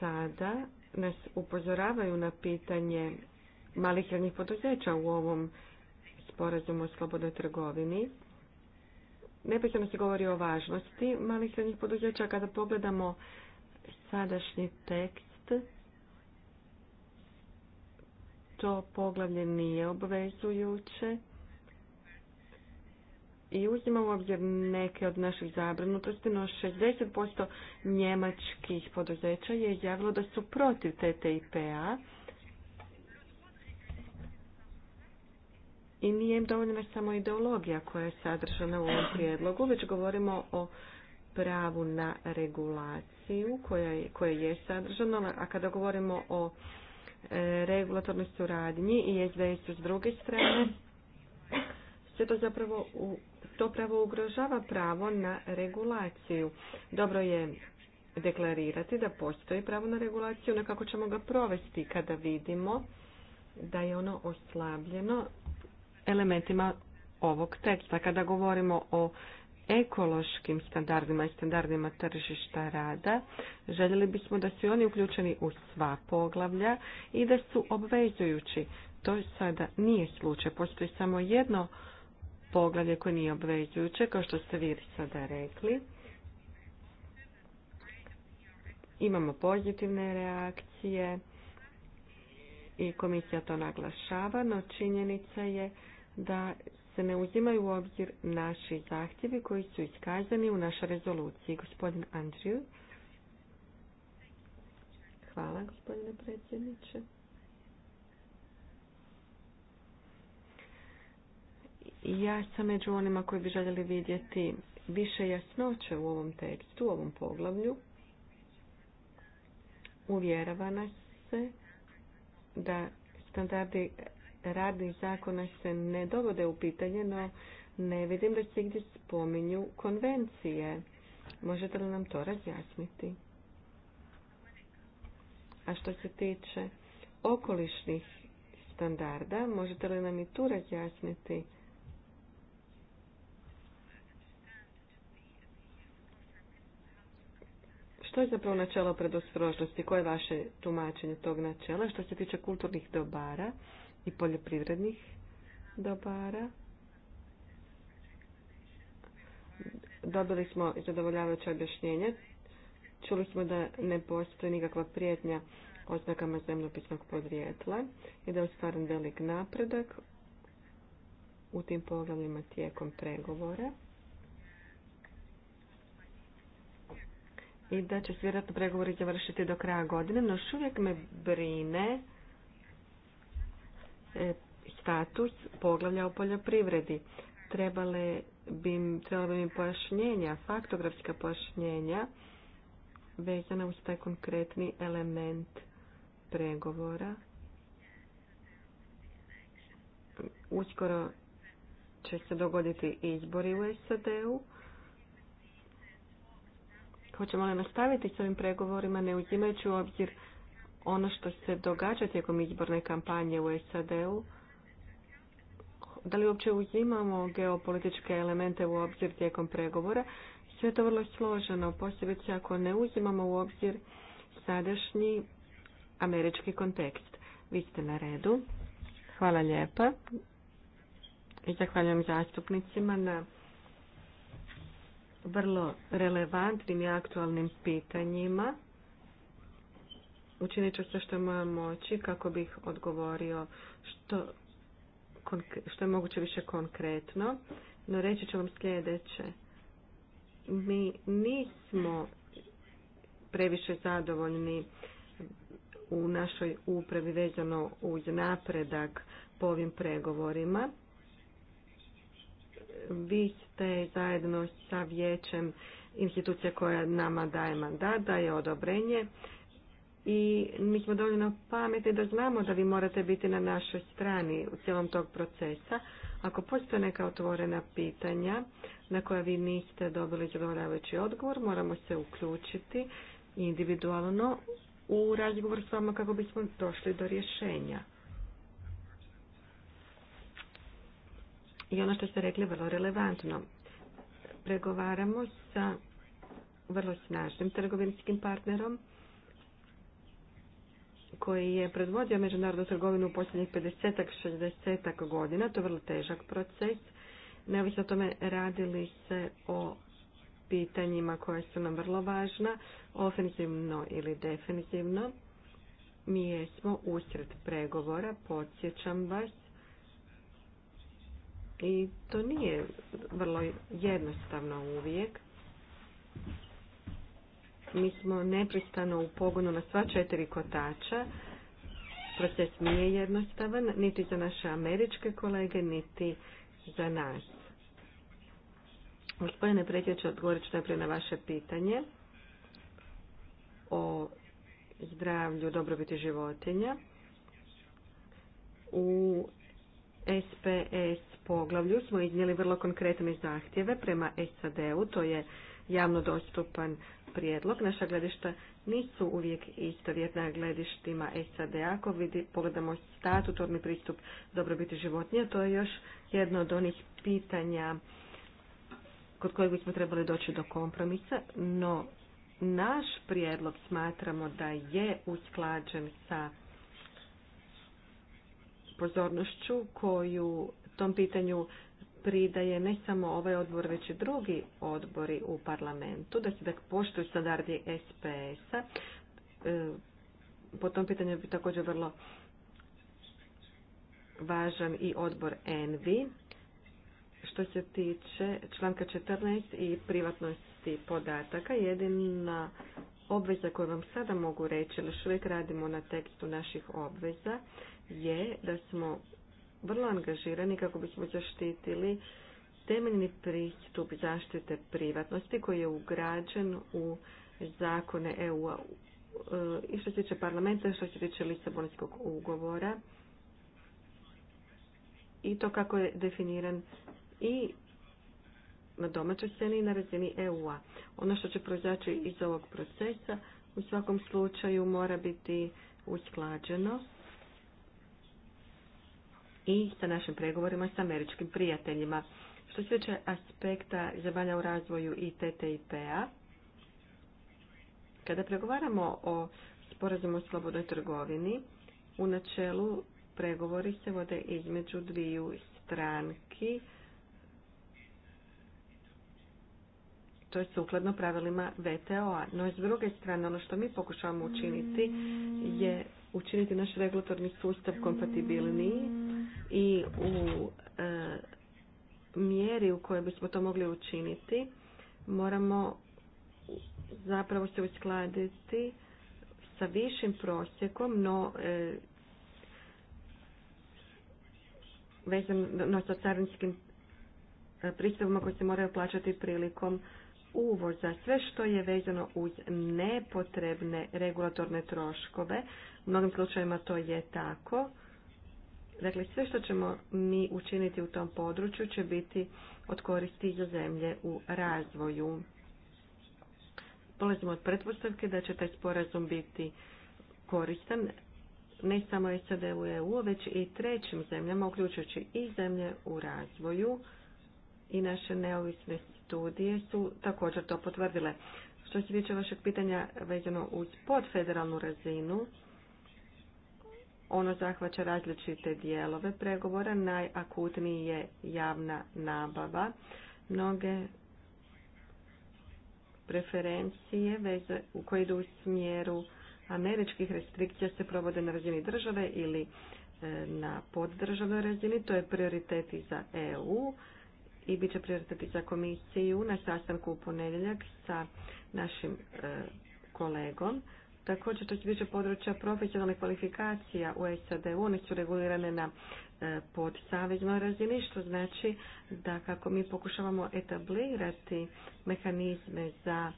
sada nas upozoravaju na pitanje malih srednjih poduzeća u ovom sporazumu o slobodnoj trgovini. Nepisano se govori o važnosti malih srednjih poduzeća. Kada pogledamo Sadašnji tekst to poglavlje nije obvezujuće i uzima u obzir neke od naših zabrinutosti, no 60% njemačkih poduzeća je izjavilo da su protiv TTIP-a i nije im dovoljna samo ideologija koja je sadržana u ovom prijedlogu, već govorimo o pravu na regulaciju koja, koja je sadržana, a kada govorimo o e, regulatornoj suradnji i SDS-u s druge strane, se to zapravo to pravo ugrožava pravo na regulaciju. Dobro je deklarirati da postoji pravo na regulaciju, na kako ćemo ga provesti kada vidimo da je ono oslabljeno elementima ovog teksta. Kada govorimo o ekološkim standardima i standardima tržišta rada. Željeli bismo da su oni uključeni u sva poglavlja i da su obvezujući. To sada nije slučaj. Postoji samo jedno poglavlje koje nije obvezujuće, kao što ste vi sada rekli. Imamo pozitivne reakcije i komisija to naglašava, no činjenica je da se ne uzimaju u obzir naši zahtjevi koji su iskazani u našoj rezoluciji. Gospodin Andriju. Hvala, gospodine predsjedniče. Ja sam među onima koji bi željeli vidjeti više jasnoće u ovom tekstu, u ovom poglavlju. Uvjerava nas se da standardi radnih zakona se ne dovode u pitanje, no ne vidim da se gdje spominju konvencije. Možete li nam to razjasniti? A što se tiče okolišnih standarda, možete li nam i tu razjasniti? Što je zapravo načelo predostrožnosti? Koje je vaše tumačenje tog načela? Što se tiče kulturnih dobara, i poljoprivrednih dobara. Dobili smo zadovoljavajuće objašnjenje. Čuli smo da ne postoji nikakva prijetnja oznakama zemljopisnog podrijetla i da je ostvaren velik napredak u tim poglavljima tijekom pregovora. I da će se vjerojatno pregovori završiti do kraja godine, no još uvijek me brine E, status poglavlja o poljoprivredi. Trebale bi, trebalo bi mi pojašnjenja, faktografska pojašnjenja vezana uz taj konkretni element pregovora. Uskoro će se dogoditi izbori u SAD-u. Hoćemo li nastaviti s ovim pregovorima ne uzimajući u obzir ono što se događa tijekom izborne kampanje u SAD-u, da li uopće uzimamo geopolitičke elemente u obzir tijekom pregovora, sve je to vrlo složeno, posebice ako ne uzimamo u obzir sadašnji američki kontekst. Vi ste na redu. Hvala lijepa. I zahvaljujem zastupnicima na vrlo relevantnim i aktualnim pitanjima učinit ću sve što je moći kako bih odgovorio što, što je moguće više konkretno. No reći ću vam sljedeće. Mi nismo previše zadovoljni u našoj upravi vezano uz napredak po ovim pregovorima. Vi ste zajedno sa vijećem institucija koja nama daje mandat, daje odobrenje i mi smo dovoljno pametni da znamo da vi morate biti na našoj strani u cijelom tog procesa. Ako postoje neka otvorena pitanja na koja vi niste dobili zadovoljavajući odgovor, moramo se uključiti individualno u razgovor s vama kako bismo došli do rješenja. I ono što ste rekli vrlo relevantno. Pregovaramo sa vrlo snažnim trgovinskim partnerom koji je predvodio međunarodnu trgovinu u posljednjih 50 60 godina. To je vrlo težak proces. Neovisno o tome radili se o pitanjima koja su nam vrlo važna, ofenzivno ili definitivno. Mi jesmo usred pregovora, podsjećam vas. I to nije vrlo jednostavno uvijek. Mi smo nepristano u pogonu na sva četiri kotača. Proces nije jednostavan, niti za naše američke kolege, niti za nas. Gospodine predsjedniče odgovorit ću najprije na vaše pitanje o zdravlju, dobrobiti životinja. U SPS poglavlju smo iznijeli vrlo konkretne zahtjeve prema SAD-u, to je javno dostupan prijedlog. Naša gledišta nisu uvijek istovjetna gledištima sad Ako vidi, pogledamo statutorni pristup dobrobiti životinja, to je još jedno od onih pitanja kod kojeg bismo trebali doći do kompromisa, no naš prijedlog smatramo da je usklađen sa pozornošću koju tom pitanju pridaje ne samo ovaj odbor, već i drugi odbori u parlamentu, da se da poštuju standardi SPS-a. E, po tom pitanju bi također vrlo važan i odbor ENVI. Što se tiče članka 14 i privatnosti podataka, jedina obveza koju vam sada mogu reći, ali što uvijek radimo na tekstu naših obveza, je da smo vrlo angažirani kako bismo zaštitili temeljni pristup zaštite privatnosti koji je ugrađen u zakone EU-a e, i što se tiče parlamenta, i što se tiče Lisabonskog ugovora i to kako je definiran i na domaćoj sceni i na razini EU-a. Ono što će proizaći iz ovog procesa u svakom slučaju mora biti usklađeno i sa našim pregovorima sa američkim prijateljima. Što se tiče aspekta zemalja u razvoju i TTIP-a, kada pregovaramo o sporazumu o slobodnoj trgovini, u načelu pregovori se vode između dviju stranki. To je sukladno pravilima VTO-a. No, s druge strane, ono što mi pokušavamo učiniti je učiniti naš regulatorni sustav kompatibilniji i u e, mjeri u kojoj bismo to mogli učiniti moramo zapravo se uskladiti sa višim prosjekom, no e, vezano sa carinskim e, pristavima koji se moraju plaćati prilikom uvoza, sve što je vezano uz nepotrebne regulatorne troškove, u mnogim slučajevima to je tako, Dakle, sve što ćemo mi učiniti u tom području će biti od koristi za zemlje u razvoju. Polazimo od pretpostavke da će taj sporazum biti koristan ne samo SAD e u EU, već i trećim zemljama, uključujući i zemlje u razvoju i naše neovisne studije su također to potvrdile. Što se tiče vašeg pitanja vezano uz podfederalnu razinu, ono zahvaća različite dijelove pregovora, najakutniji je javna nabava. Mnoge preferencije u koje idu u smjeru američkih restrikcija se provode na razini države ili e, na poddržavnoj razini, to je prioriteti za EU i bit će prioriteti za komisiju na sastanku u ponedjeljak sa našim e, kolegom. Također, to će biti područja profesionalnih kvalifikacija u SAD-u, one su regulirane na e, podsaveznoj razini, što znači da kako mi pokušavamo etablirati mehanizme za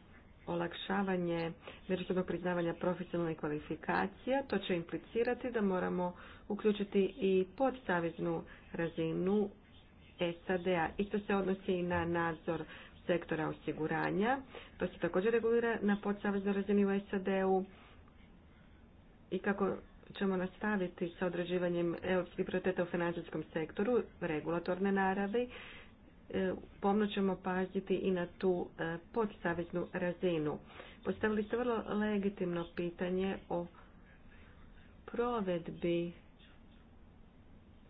olakšavanje međusobnog priznavanja profesionalnih kvalifikacija, to će implicirati da moramo uključiti i podsaveznu razinu SAD-a. Isto se odnosi i na nadzor sektora osiguranja. To se također regulira na podsaveznoj razini u SAD-u. I kako ćemo nastaviti sa određivanjem europskih prioriteta u financijskom sektoru, regulatorne naravi, e, pomno ćemo paziti i na tu e, podsaveznu razinu. Postavili ste vrlo legitimno pitanje o provedbi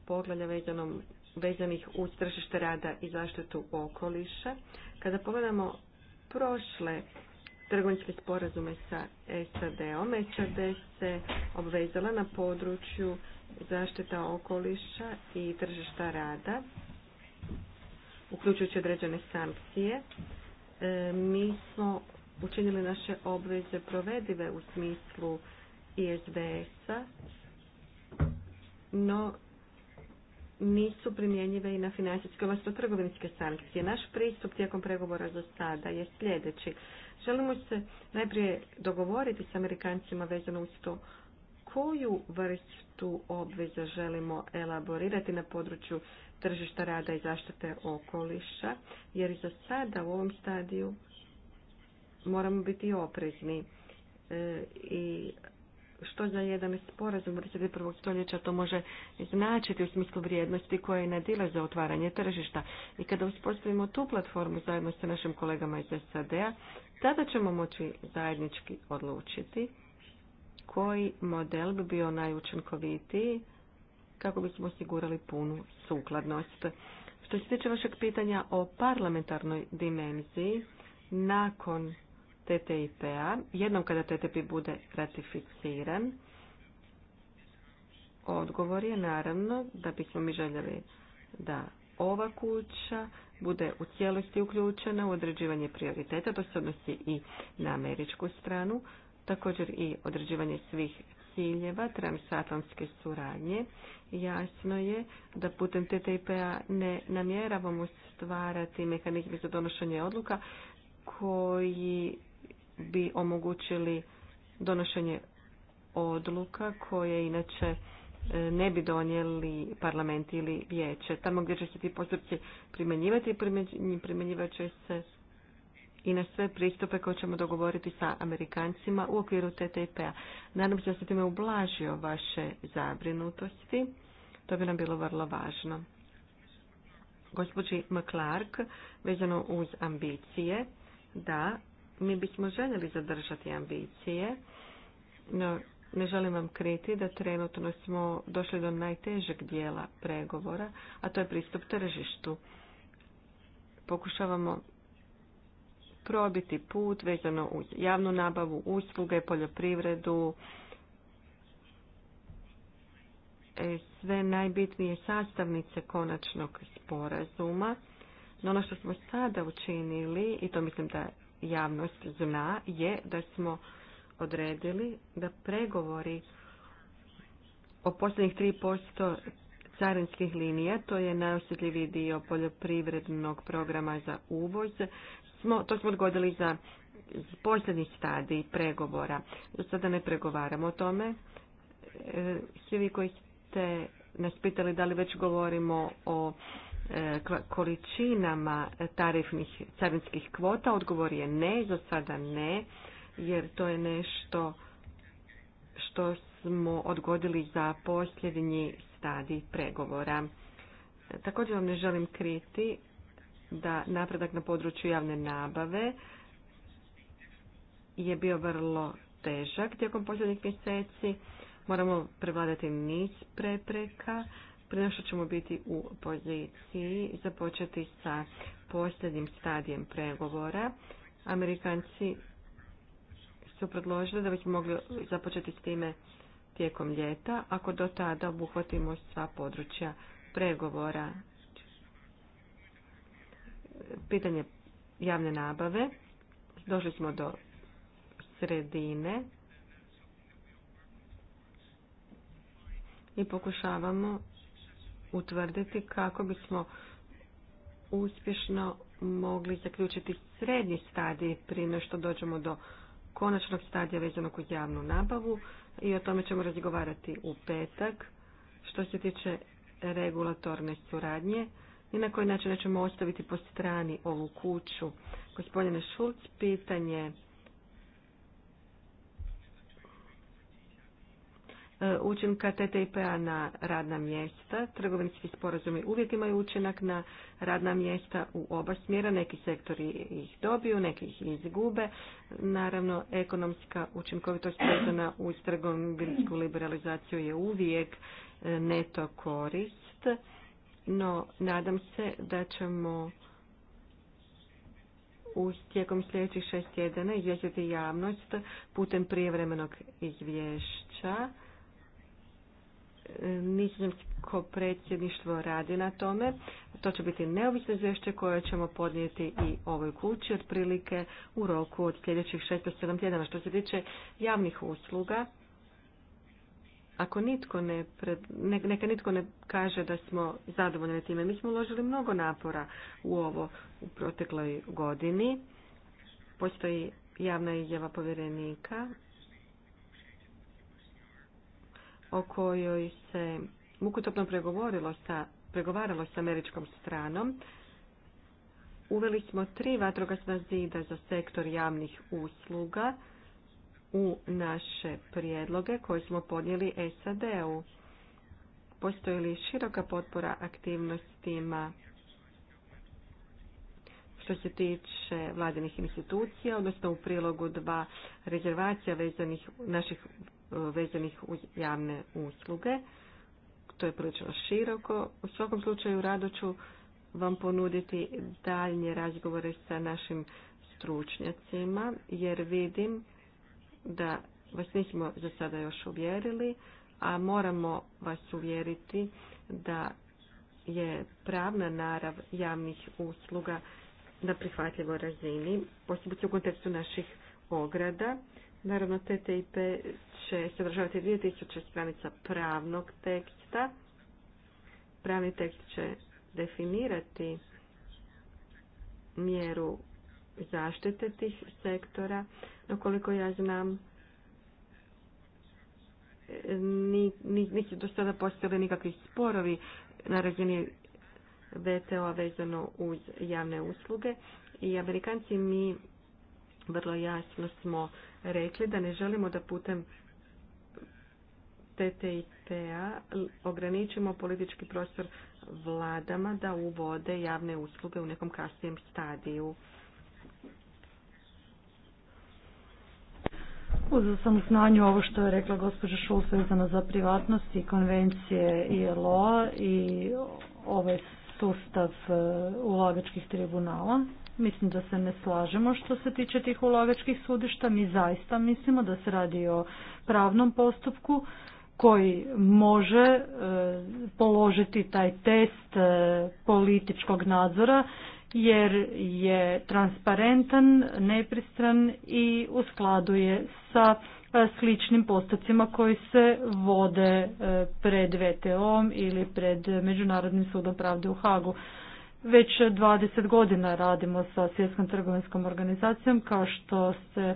poglavlja vezanom vezanih uz tržište rada i zaštitu okoliša. Kada pogledamo prošle trgovinske sporazume sa SAD-om, SAD se obvezala na području zaštita okoliša i tržišta rada, uključujući određene sankcije. E, mi smo učinili naše obveze provedive u smislu ISDS-a, no nisu primjenjive i na financijske, odnosno trgovinske sankcije. Naš pristup tijekom pregovora za sada je sljedeći. Želimo se najprije dogovoriti s Amerikancima vezano uz to koju vrstu obveza želimo elaborirati na području tržišta rada i zaštite okoliša, jer za sada u ovom stadiju moramo biti oprezni e, i što za jedan sporazum 21. stoljeća to može značiti u smislu vrijednosti koje nadila za otvaranje tržišta. I kada uspostavimo tu platformu zajedno sa našim kolegama iz SAD-a, tada ćemo moći zajednički odlučiti koji model bi bio najučinkovitiji kako bismo osigurali punu sukladnost. Što se tiče vašeg pitanja o parlamentarnoj dimenziji, nakon TTIP-a. Jednom kada TTIP bude ratificiran, odgovor je naravno da bismo mi željeli da ova kuća bude u cijelosti uključena u određivanje prioriteta, to se odnosi i na američku stranu, također i određivanje svih ciljeva transatlantske suradnje. Jasno je da putem TTIP-a ne namjeravamo stvarati mehanizme za donošenje odluka koji bi omogućili donošenje odluka koje inače e, ne bi donijeli parlament ili vijeće. Tamo gdje će se ti postupci primjenjivati, primjenjivat će se i na sve pristupe koje ćemo dogovoriti sa Amerikancima u okviru TTIP-a. Nadam se da se time ublažio vaše zabrinutosti. To bi nam bilo vrlo važno. Gospođi McClark, vezano uz ambicije, da, mi bismo željeli zadržati ambicije, no ne želim vam kriti da trenutno smo došli do najtežeg dijela pregovora, a to je pristup tržištu. Pokušavamo probiti put vezano uz javnu nabavu, usluge, poljoprivredu, e, sve najbitnije sastavnice konačnog sporazuma. No ono što smo sada učinili, i to mislim da javnost zna je da smo odredili da pregovori o posljednjih 3% carinskih linija, to je najosjetljiviji dio poljoprivrednog programa za uvoz, smo, to smo odgodili za posljednji stadij pregovora. Do sada ne pregovaramo o tome. E, svi vi koji ste nas pitali da li već govorimo o E, količinama tarifnih carinskih kvota? Odgovor je ne, za sada ne, jer to je nešto što smo odgodili za posljednji stadi pregovora. E, također vam ne želim kriti da napredak na području javne nabave je bio vrlo težak tijekom posljednjih mjeseci. Moramo prevladati niz prepreka prije što ćemo biti u poziciji započeti sa posljednjim stadijem pregovora. Amerikanci su predložili da bismo mogli započeti s time tijekom ljeta, ako do tada obuhvatimo sva područja pregovora. Pitanje javne nabave. Došli smo do sredine i pokušavamo utvrditi kako bismo uspješno mogli zaključiti srednji stadij prije što dođemo do konačnog stadija vezanog uz javnu nabavu i o tome ćemo razgovarati u petak. Što se tiče regulatorne suradnje, i na koji način ćemo ostaviti po strani ovu kuću. Gospodine Šulc, pitanje učinka TTIP-a na radna mjesta. Trgovinski sporazumi uvijek imaju učinak na radna mjesta u oba smjera. Neki sektori ih dobiju, neki ih izgube. Naravno, ekonomska učinkovitost vezana uz trgovinsku liberalizaciju je uvijek e, neto korist. No, nadam se da ćemo u tijekom sljedećih šest tjedana izvijestiti javnost putem prijevremenog izvješća Nizozemsko predsjedništvo radi na tome. To će biti neovisno izvješće koje ćemo podnijeti i ovoj kući otprilike u roku od sljedećih 6-7 tjedana. Što se tiče javnih usluga, ako nitko ne, neka nitko ne kaže da smo zadovoljni time, mi smo uložili mnogo napora u ovo u protekloj godini. Postoji javna izjava povjerenika o kojoj se mukotopno pregovorilo sa, pregovaralo sa američkom stranom, uveli smo tri vatrogasna zida za sektor javnih usluga u naše prijedloge koje smo podnijeli SAD-u. Postoji li široka potpora aktivnostima što se tiče vladinih institucija, odnosno u prilogu dva rezervacija vezanih naših vezanih uz javne usluge. To je prilično široko. U svakom slučaju rado ću vam ponuditi daljnje razgovore sa našim stručnjacima, jer vidim da vas nismo za sada još uvjerili, a moramo vas uvjeriti da je pravna narav javnih usluga na prihvatljivoj razini, posebno u kontekstu naših ograda. Naravno, TTIP će sadržavati 2000 stranica pravnog teksta. Pravni tekst će definirati mjeru zaštite tih sektora, no koliko ja znam, nisu do sada postojali nikakvi sporovi na razini VTO vezano uz javne usluge i Amerikanci mi vrlo jasno smo rekli da ne želimo da putem TTIP-a ograničimo politički prostor vladama da uvode javne usluge u nekom kasnijem stadiju. Uz sam znanju ovo što je rekla gospođa Šulsa vezano za privatnost i konvencije ILO-a i ovaj sustav e, ulagačkih tribunala. Mislim da se ne slažemo što se tiče tih ulagačkih sudišta. Mi zaista mislimo da se radi o pravnom postupku koji može e, položiti taj test e, političkog nadzora jer je transparentan, nepristran i u skladu je sa e, sličnim postupcima koji se vode pred VTO-om ili pred Međunarodnim sudom pravde u Hagu. Već 20 godina radimo sa svjetskom trgovinskom organizacijom kao što ste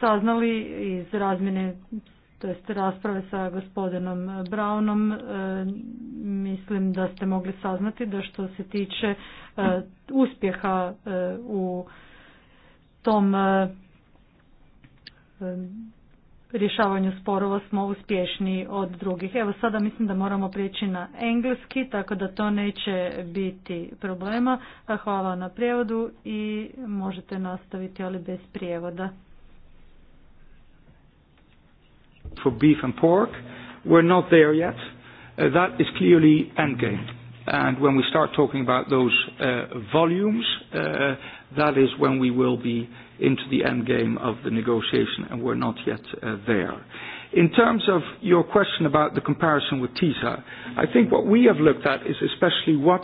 saznali iz razmjene to jest rasprave sa gospodinom Brownom, e, mislim da ste mogli saznati da što se tiče e, uspjeha e, u tom rješavanju sporova smo uspješniji od drugih. Evo sada mislim da moramo prijeći na engleski, tako da to neće biti problema. Hvala na prijevodu i možete nastaviti, ali bez prijevoda. For beef and pork, we're not there yet. Uh, that is clearly endgame and when we start talking about those uh, volumes, uh, that is when we will be into the end game of the negotiation, and we're not yet uh, there. In terms of your question about the comparison with TISA, I think what we have looked at is especially what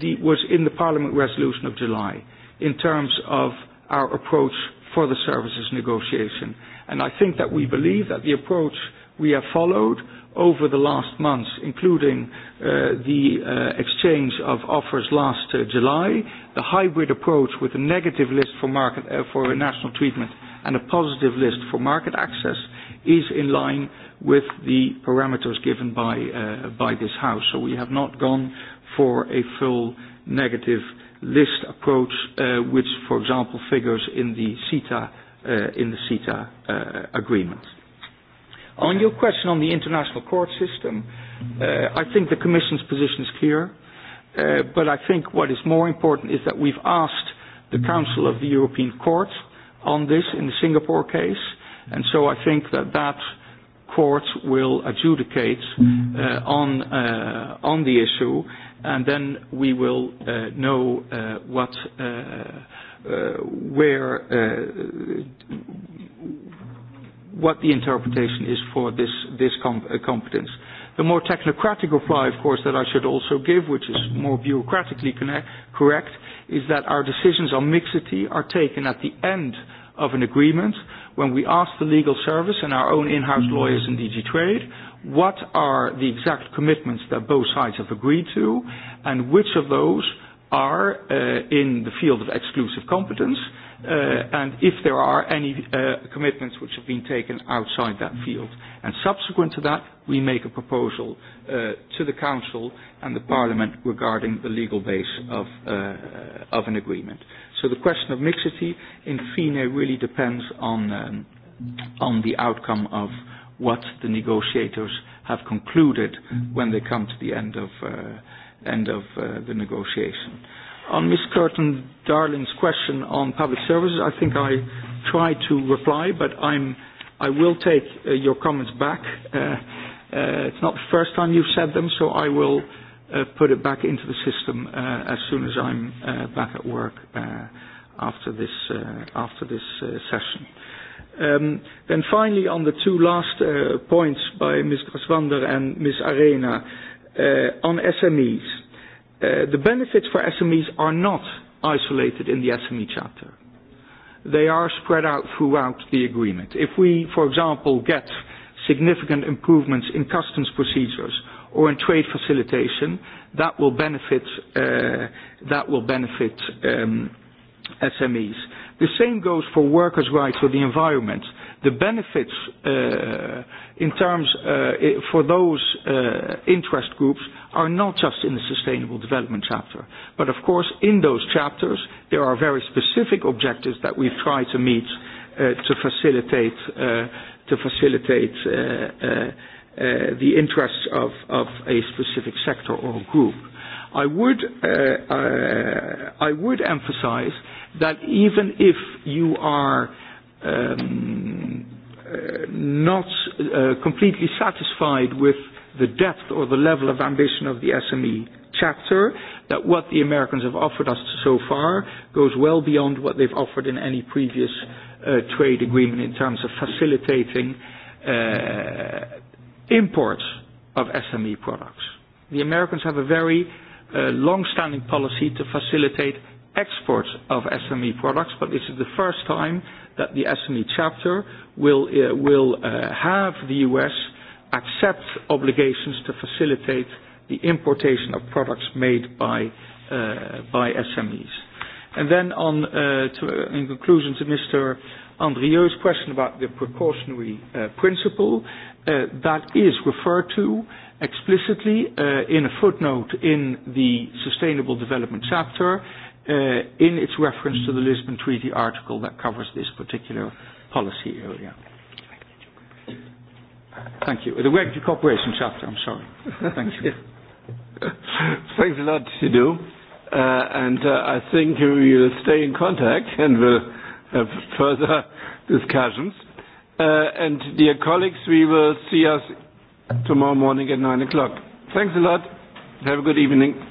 the, was in the Parliament resolution of July in terms of our approach for the services negotiation. And I think that we believe that the approach we have followed over the last months, including uh, the uh, exchange of offers last uh, July, the hybrid approach with a negative list for, market, for national treatment and a positive list for market access is in line with the parameters given by, by this House. So we have not gone for a full negative list approach, which, for example, figures in the CETA, in the CETA agreement. On your question on the international court system, uh, I think the Commission's position is clear. Uh, but I think what is more important is that we've asked the Council of the European Court on this in the Singapore case. And so I think that that court will adjudicate uh, on, uh, on the issue and then we will uh, know uh, what, uh, uh, where, uh, what the interpretation is for this, this com uh, competence. The more technocratic reply, of course, that I should also give, which is more bureaucratically connect, correct, is that our decisions on mixity are taken at the end of an agreement when we ask the legal service and our own in-house lawyers in DG Trade what are the exact commitments that both sides have agreed to and which of those are uh, in the field of exclusive competence Uh, and if there are any uh, commitments which have been taken outside that field. And subsequent to that, we make a proposal uh, to the Council and the Parliament regarding the legal base of, of an agreement. So the question of mixity in FINE really depends on, um, on the outcome of what the negotiators have concluded when they come to the end of, end of the negotiation. On Ms. Curtin Darling's question on public services, I think I tried to reply, but I'm, I will take uh, your comments back. Uh, uh, it's not the first time you've said them, so I will uh, put it back into the system uh, as soon as I'm uh, back at work uh, after this, uh, after this uh, session. Um, then finally, on the two last uh, points by Ms. Graswander and Ms. Arena uh, on SMEs. Uh, the benefits for SMEs are not isolated in the SME chapter. They are spread out throughout the agreement. If we, for example, get significant improvements in customs procedures or in trade facilitation, that will benefit, uh, that will benefit um, SMEs. The same goes for workers' rights or the environment. The benefits uh, in terms for those interest groups are not just in the Sustainable Development Chapter. But of course, in those chapters, there are very specific objectives that we've tried to meet uh, to facilitate, uh, to facilitate uh, uh, uh, the interests of, of a specific sector or group. I would, uh, uh, I would emphasize that even if you are um, uh, not uh, completely satisfied with the depth or the level of ambition of the SME chapter, that what the Americans have offered us so far goes well beyond what they've offered in any previous uh, trade agreement in terms of facilitating uh, imports of SME products. The Americans have a very uh, long-standing policy to facilitate exports of SME products, but this is the first time that the SME chapter will, uh, will uh, have the U.S accept obligations to facilitate the importation of products made by, uh, by SMEs. And then on, uh, to, uh, in conclusion to Mr. Andrieu's question about the precautionary uh, principle, uh, that is referred to explicitly uh, in a footnote in the Sustainable Development chapter uh, in its reference to the Lisbon Treaty article that covers this particular policy area. Thank you. The Regulatory Cooperation Chapter, I'm sorry. Thank you. Thanks a lot, do Uh, and uh, I think we will stay in contact and we'll have further discussions. Uh, and dear colleagues, we will see us tomorrow morning at 9 o'clock. Thanks a lot. Have a good evening.